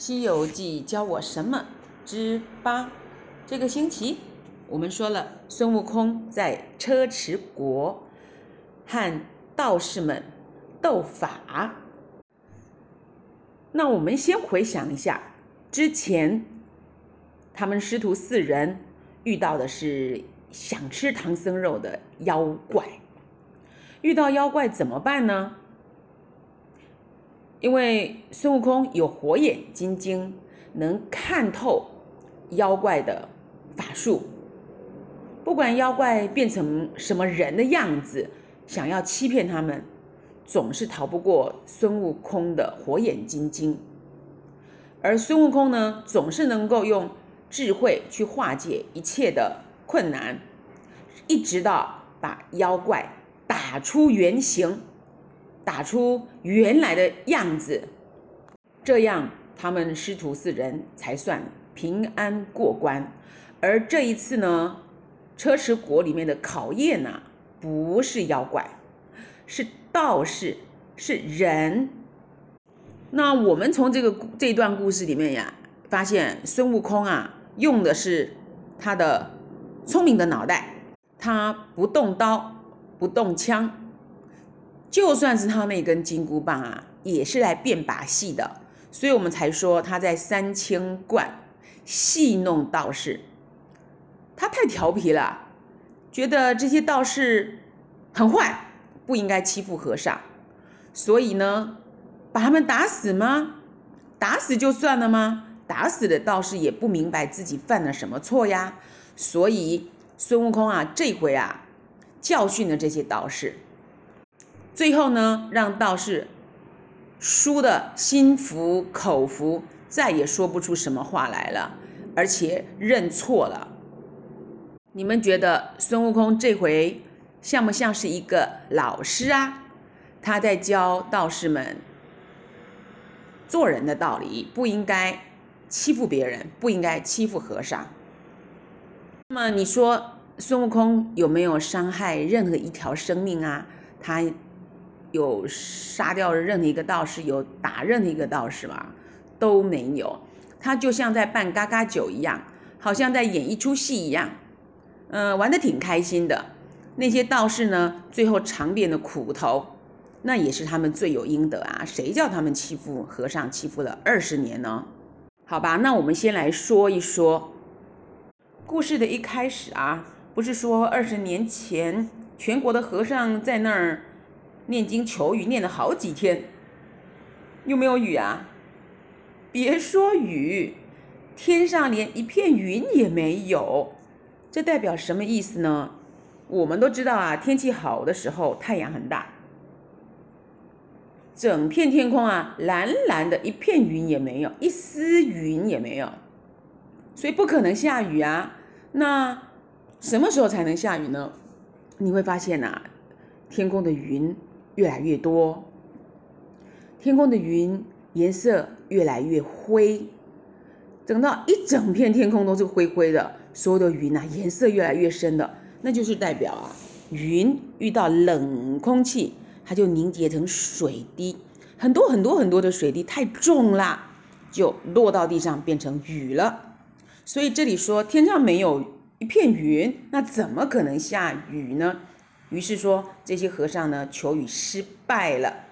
《西遊記》教我什麼之八，這個星期我們說了孫悟空在車遲國和道士們鬥法。那我們先回想一下，之前他們師徒四人遇到的是想吃唐僧肉的妖怪。遇到妖怪怎麼辦呢？因為孫悟空有火眼金睛，能看透妖怪的法術，不管妖怪變成什麼人的樣子，想要欺騙他們，總是逃不過孫悟空的火眼金睛。而孫悟空呢，總是能夠用智慧去化解一切的困難，一直到把妖怪打出原形。打出原來的樣子，這樣他們師徒四人才算平安過關。而這一次呢，車遲國裡面的考驗呢啊，不是妖怪，是道士，是人。那我們從這個這段故事裡面呀，發現孫悟空啊，用的是他的聰明的腦袋，他不動刀，不動槍。就算是他那根金箍棒啊，也是來變把戲的，所以我們才說他在三清觀戲弄道士。他太調皮了，覺得這些道士很壞，不應該欺負和尚，所以呢，把他們打死嗎？打死就算了嗎？打死的道士也不明白自己犯了什麼錯呀。所以孫悟空啊，這回啊，教訓了這些道士。最後呢，讓道士輸得心服口服，再也說不出什麼話來了，而且認錯了。你們覺得孫悟空這回像不像是一個老師啊？他在教道士們做人的道理，不應該欺負別人，不應該欺負和尚。那麼你說孫悟空有沒有傷害任何一條生命啊？他有殺掉任何一個道士，有打任何一個道士嗎？都沒有。他就像在扮嘎嘎酒一樣，好像在演一出戲一樣。嗯、呃，玩的挺開心的。那些道士呢，最後嘗遍了苦頭，那也是他們罪有應得啊！誰叫他們欺負和尚，欺負了二十年呢？好吧，那我們先來說一說故事的一開始啊，不是說二十年前全國的和尚在那兒。念經求雨，念了好幾天，有沒有雨啊？別說雨，天上連一片雲也沒有，這代表什麼意思呢？我們都知道啊，天氣好的時候，太陽很大，整片天空啊，藍藍的，一片雲也沒有，一絲雲也沒有，所以不可能下雨啊。那什麼時候才能下雨呢？你會發現吶，天空的雲。越來越多，天空的雲顏色越來越灰，等到一整片天空都是灰灰的。所有的雲吶啊，顏色越來越深的，那就是代表啊，雲遇到冷空氣，它就凝結成水滴，很多很多很多的水滴太重啦，就落到地上變成雨了。所以這裡說天上沒有一片雲，那怎麼可能下雨呢？於是說，這些和尚呢求雨失敗了。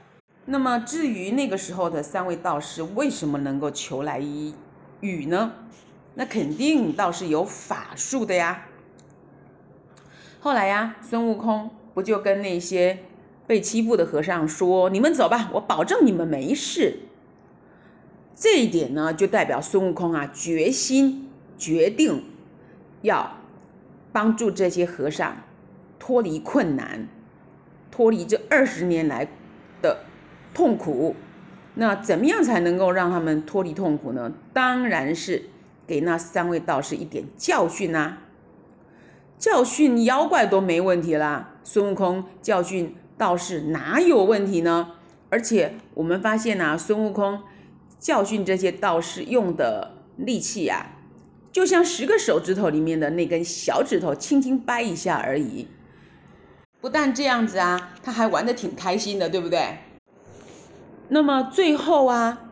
那麼至於那個時候的三位道士為什麼能夠求來雨呢？那肯定倒是有法術的呀。後來呀，孫悟空不就跟那些被欺負的和尚說：“你們走吧，我保證你們沒事。”這一點呢，就代表孫悟空啊決心決定要幫助這些和尚。脫離困難，脫離這二十年來的痛苦，那怎麼樣才能夠讓他們脫離痛苦呢？當然是給那三位道士一點教訓吶。教訓妖怪都沒問題啦，孫悟空教訓道士哪有問題呢？而且我們發現吶，孫悟空教訓這些道士用的力氣啊，就像十個手指頭裡面的那根小指頭，輕輕掰一下而已。不但這樣子啊，他還玩得挺開心的，對不對？那麼最後啊，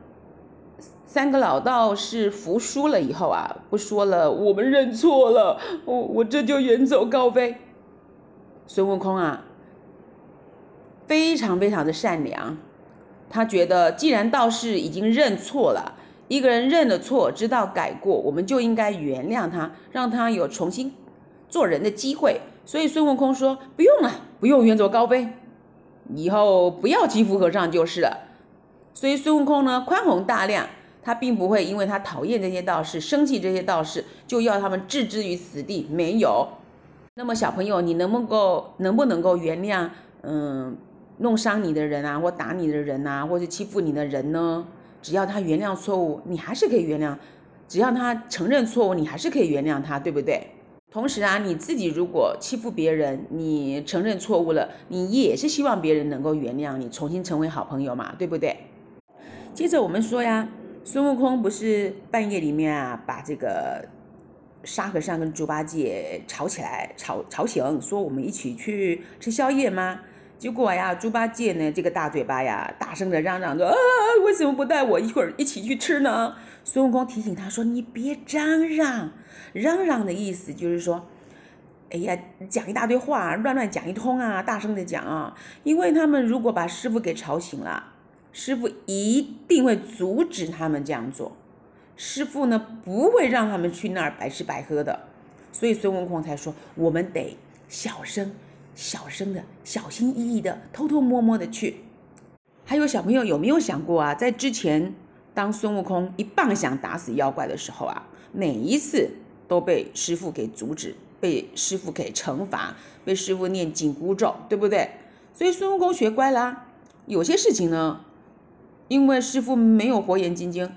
三個老道士服輸了以後啊，不說了，我們認錯了，我我這就遠走高飛。孫悟空啊，非常非常的善良，他覺得既然道士已經認錯了，一個人認了錯，知道改過，我們就應該原諒他，讓他有重新做人的機會。所以孫悟空說不用了，不用遠走高飛，以後不要欺負和尚就是了。所以孫悟空呢，寬宏大量，他並不會因為他討厭這些道士，生氣這些道士就要他們置之於死地。沒有。那麼小朋友，你能不能能不能夠原諒嗯弄傷你的人啊，或打你的人啊，或者欺負你的人呢？只要他原諒錯誤，你還是可以原諒；只要他承認錯誤，你還是可以原諒他，對不對？同時啊，你自己如果欺負別人，你承認錯誤了，你也是希望別人能夠原諒你，重新成為好朋友嘛，對不對？接着我們說呀，孫悟空不是半夜裡面啊，把這個沙和尚跟豬八戒吵起來，吵吵醒，說我們一起去吃宵夜嗎？結果呀，豬八戒呢，這個大嘴巴呀，大聲的嚷嚷着，啊，為什麼不帶我一會兒一起去吃呢？孫悟空提醒他說：“你別嚷嚷，嚷嚷的意思就是說，哎呀，講一大堆話，亂亂講一通啊，大聲的講啊。因為他們如果把師傅給吵醒了，師傅一定會阻止他們這樣做。師傅呢，不會讓他們去那兒白吃白喝的。所以孫悟空才說，我們得小聲。”小聲的，小心翼翼的，偷偷摸摸的去。還有小朋友有沒有想過啊？在之前，當孫悟空一棒想打死妖怪的時候啊，每一次都被師傅給阻止，被師傅給懲罰，被師傅念緊箍咒，對不對？所以孫悟空學乖啦啊，有些事情呢，因為師傅沒有火眼金睛，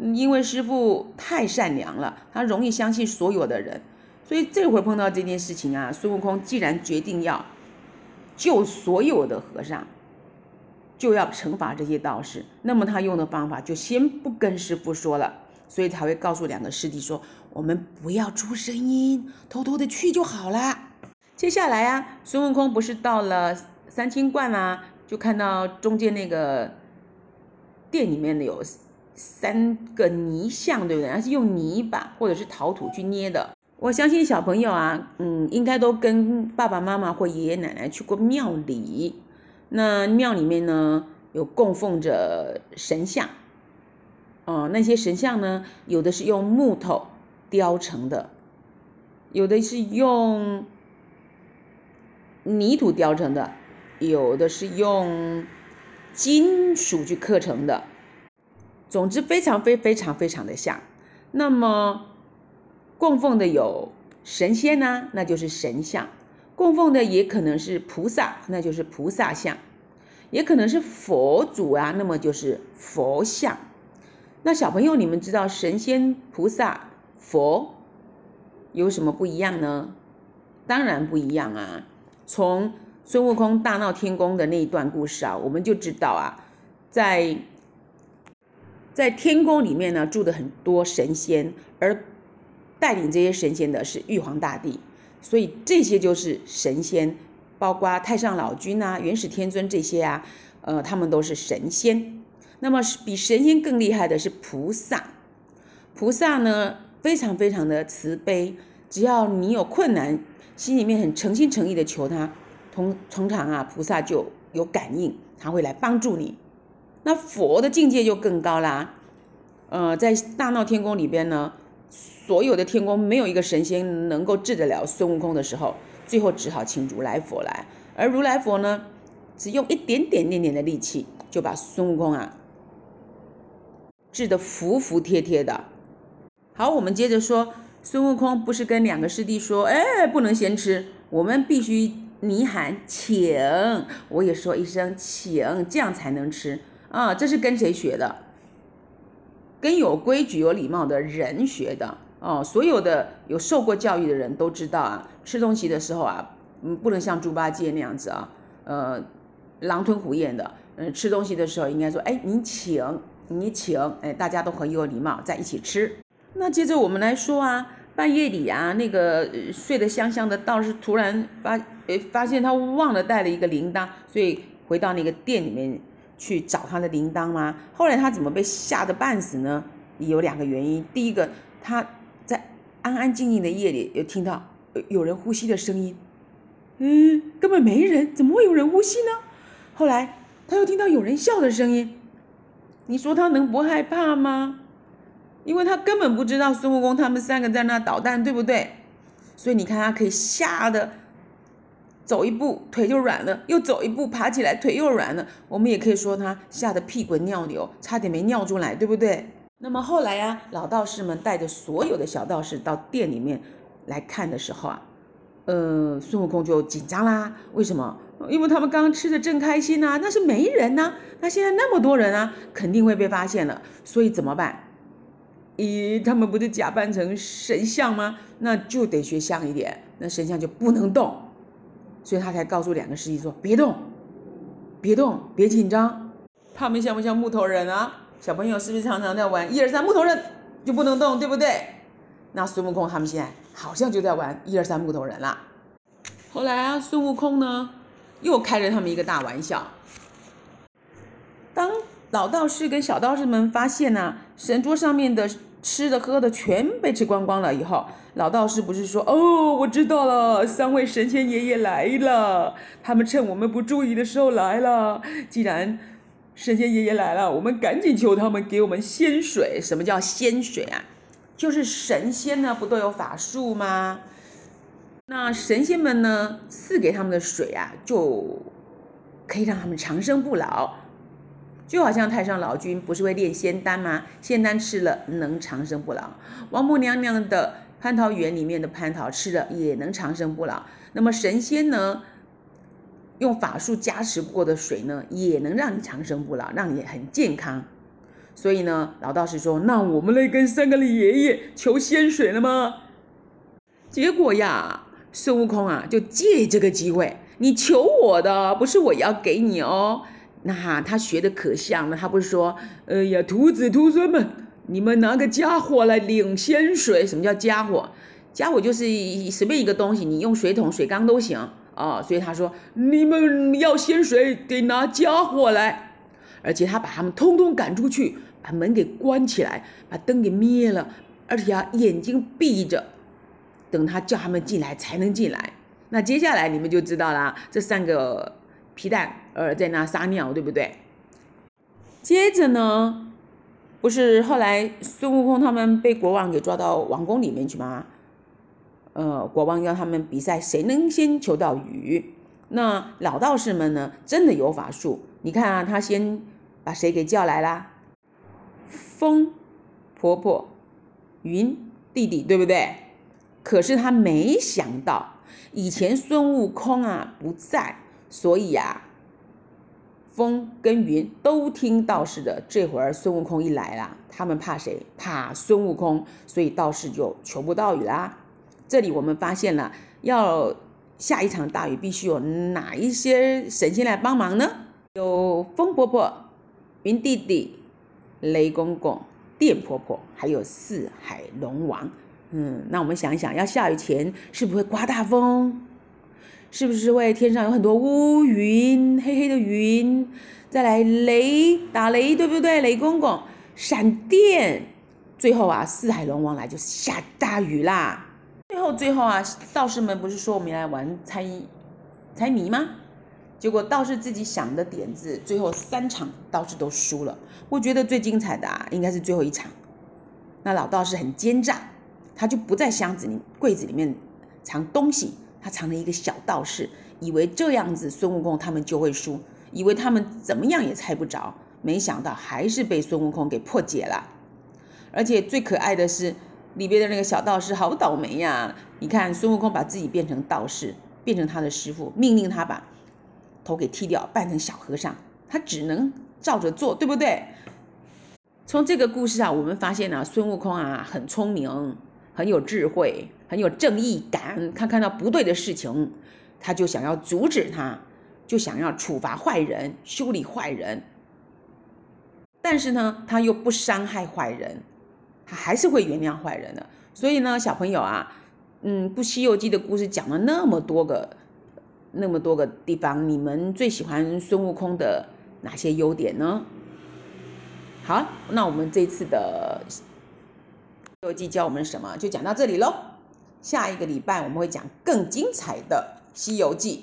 因為師傅太善良了，他容易相信所有的人。所以這回碰到這件事情啊，孫悟空既然決定要救所有的和尚，就要懲罰這些道士，那麼他用的方法就先不跟師傅說了，所以才會告訴兩個師弟說：“我們不要出聲音，偷偷的去就好了。”接下來啊，孫悟空不是到了三清觀啊，就看到中間那個殿裡面的有三個泥像，對不對？而是用泥巴或者是陶土去捏的。我相信小朋友啊，嗯，應該都跟爸爸媽媽或爺爺奶奶去過廟裡。那廟裡面呢，有供奉着神像，啊、哦，那些神像呢，有的是用木頭雕成的，有的是用泥土雕成的，有的是用金屬去刻成的。總之，非常非非常非常的像。那麼。供奉的有神仙呢啊，那就是神像；供奉的也可能是菩薩，那就是菩薩像；也可能是佛祖啊，那麼就是佛像。那小朋友，你們知道神仙、菩薩、佛有什麼不一樣呢？當然不一樣啊！從孫悟空大鬧天宮的那一段故事啊，我們就知道啊，在在天宮裡面呢，住的很多神仙，而帶領這些神仙的是玉皇大帝，所以這些就是神仙，包括太上老君啊、元始天尊這些啊，呃，他們都是神仙。那麼是比神仙更厲害的是菩薩，菩薩呢非常非常的慈悲，只要你有困難，心裡面很誠心誠意地求他，通常啊菩薩就有感應，他會來幫助你。那佛的境界就更高啦，呃，在大鬧天宮裡邊呢，所有的天宮沒有一個神仙能夠治得了孫悟空的時候，最後只好請如來佛來。而如來佛呢，只用一點點點點的力氣，就把孫悟空啊治得服服帖帖的。好，我們接着說，孫悟空不是跟兩個師弟說，哎，不能先吃，我們必須你喊請，我也說一聲請，這樣才能吃。啊，這是跟誰學的？跟有規矩、有禮貌的人學的哦，所有的有受過教育的人都知道啊，吃東西的時候啊，嗯，不能像豬八戒那樣子啊，呃，狼吞虎嚥的。嗯，吃東西的時候應該說，哎，你請，你請，哎，大家都很有禮貌，在一起吃。那接着我們來說啊，半夜裡啊，那個睡得香香的道士突然發，哎，發現他忘了帶了一個鈴鐺，所以回到那個店裡面。去找他的鈴鐺嗎？後來他怎麼被嚇得半死呢？有兩個原因。第一個，他在安安靜靜的夜裡又聽到，呃，有人呼吸的聲音，嗯，根本沒人，怎麼會有人呼吸呢？後來他又聽到有人笑的聲音，你說他能不害怕嗎？因為他根本不知道孫悟空他們三個在那搗蛋，對不對？所以你看他可以嚇得。走一步腿就軟了，又走一步爬起來腿又軟了。我們也可以說他嚇得屁滾尿流，差點沒尿出來，對不對？那麼後來呀、啊，老道士們帶着所有的小道士到店裡面來看的時候啊，呃，孫悟空就緊張啦。為什麼？因為他們剛剛吃的正開心呢、啊，那是沒人呢、啊，那現在那麼多人啊，肯定會被發現了，所以怎麼辦？咦，他們不是假扮成神像嗎？那就得學像一點，那神像就不能動。所以他才告訴兩個師弟說：“別動，別動，別緊張。”他們像不像木頭人啊？小朋友是不是常常在玩“一二三木頭人”就不能動，對不對？那孫悟空他們現在好像就在玩“一二三木頭人”了。後來啊，孫悟空呢，又開了他們一個大玩笑。當老道士跟小道士們發現呢、啊，神桌上面的。吃的喝的全被吃光光了以後，老道士不是說哦，我知道了，三位神仙爺爺來了，他們趁我們不注意的時候來了。既然神仙爺爺來了，我們趕緊求他們給我們仙水。什麼叫仙水啊？就是神仙呢不都有法術嗎？那神仙們呢賜給他們的水啊，就可以讓他們長生不老。就好像太上老君不是會煉仙丹嗎？仙丹吃了能長生不老。王母娘娘的蟠桃園裡面的蟠桃吃了也能長生不老。那麼神仙呢，用法術加持過的水呢，也能讓你長生不老，讓你很健康。所以呢，老道士說：“那我們來跟三清爺爺求仙水了嗎？”結果呀，孫悟空啊，就借這個機會，你求我的，不是我要給你哦。那他學的可像了，他不是說，哎呀，徒子徒孫們，你們拿個傢伙來領仙水。什麼叫傢伙？傢伙就是隨便一個東西，你用水桶、水缸都行啊。哦，所以他說，你們要仙水得拿傢伙來，而且他把他們通通趕出去，把門給關起來，把燈給滅了，而且啊，眼睛閉着，等他叫他們進來才能進來。那接下來你們就知道啦，這三個。皮蛋，呃，在那撒尿，對不對？接着呢，不是後來孫悟空他們被國王給抓到王宮裡面去嗎？呃，國王要他們比賽，誰能先求到雨？那老道士們呢，真的有法術。你看啊，他先把誰給叫來啦？風婆婆、雲弟弟，對不對？可是他沒想到，以前孫悟空啊不在。所以啊，風跟雲都聽道士的。這會兒孫悟空一來了，他們怕誰？怕孫悟空。所以道士就求不到雨啦啊。這裡我們發現了，要下一場大雨，必須有哪一些神仙來幫忙呢？有風婆婆、雲弟弟、雷公公、電婆婆，還有四海龍王。嗯，那我們想一想，要下雨前是不是會颳大風？是不是會天上有很多烏雲，黑黑的雲，再來雷，打雷，對不對？雷公公，閃電，最後啊，四海龍王來就下大雨啦。最後最後啊，道士們不是說我們來玩猜，猜謎嗎？結果道士自己想的點子，最後三場道士都輸了。我覺得最精彩的啊，應該是最後一場。那老道士很奸詐，他就不在箱子裡、櫃子裡面藏東西。他藏了一個小道士，以為這樣子孫悟空他們就會輸，以為他們怎麼樣也猜不着，沒想到還是被孫悟空給破解了。而且最可愛的是裡邊的那個小道士，好倒霉呀！你看孫悟空把自己變成道士，變成他的師傅，命令他把頭給剃掉，扮成小和尚，他只能照着做，對不對？從這個故事啊，我們發現呢，啊，孫悟空啊很聰明。很有智慧，很有正義感。他看到不對的事情，他就想要阻止他，就想要處罰壞人，修理壞人。但是呢，他又不傷害壞人，他還是會原諒壞人的。所以呢，小朋友啊，嗯，不《西遊記》的故事講了那麼多個，那麼多個地方，你們最喜歡孫悟空的哪些優點呢？好，那我們這次的。《西遊記》教我們什麼，就講到這裡嘍。下一個禮拜我們會講更精彩的《西遊記》。